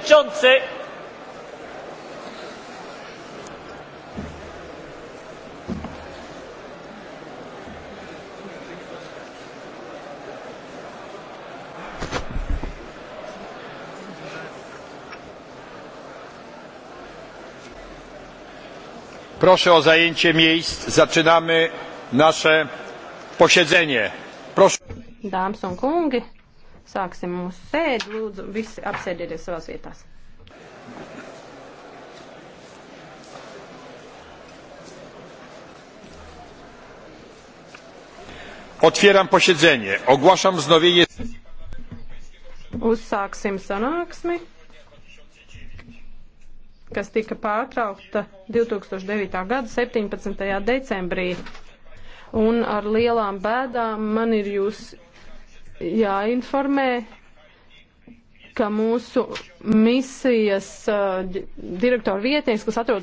przewodniczący! Proszę o zajęcie miejsc. Zaczynamy nasze posiedzenie. Proszę. Dāmas un kungi, Sāksim mūsu sēdi. Lūdzu, visi apsēdieties savās vietās. Otwieram posiedzenie. Ogłaszam wznowienie. Uzsāksim sanāksmi, kas tika pārtraukta 2009. gada 17. decembrī. Un ar lielām bēdām man ir jūs jāinformē, ka mūsu misijas uh, direktora vietnieks, kas atrodas